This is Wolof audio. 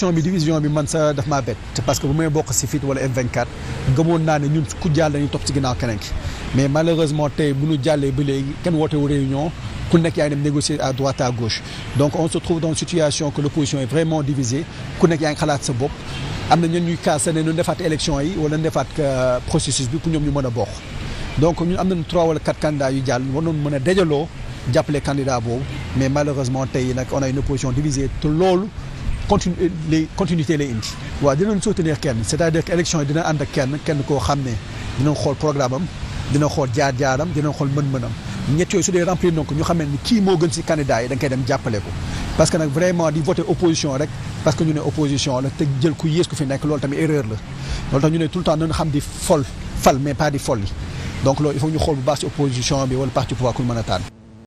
élection bi division bi man sa daf maa bett parce que bu may bokk si fit wala F24 naa ne ñun ku jàll dañuy topp ci ginnaaw keneen ki mais on situation que l'opposition est vraiment divisée ku nekk yaa ngi xalaat sa bopp am na ñun ñuy kaasa defaat élection yi wala ñu defaat euh, processus bi ñu mën a bokk donc ñun am nañu trois wala quatre candidats yu jàll war noonu mën a dajaloo jàppale candidat boobu mais malheureusement tey nag on a une opposition divisée te loolu continu les continuité lay indi. waaw dinañ soutenir kenn c'est-à-dire que élection yi dina ànd ak kenn kenn koo xam ne dinañ xool programme dina xool jaar-jaaram dina xool mën-mënam ñett yooyu su dee remplir donc ñu xam ni kii moo gën ci candidat yi da nga koy dem jàppale ko. parce que nag vraiment di voter opposition rek parce que ñu ne opposition la te jël ku yées ku fi nekk loolu tamit erreur la loolu tax tout temps nañ xam di fol fal mais pas di fol yi donc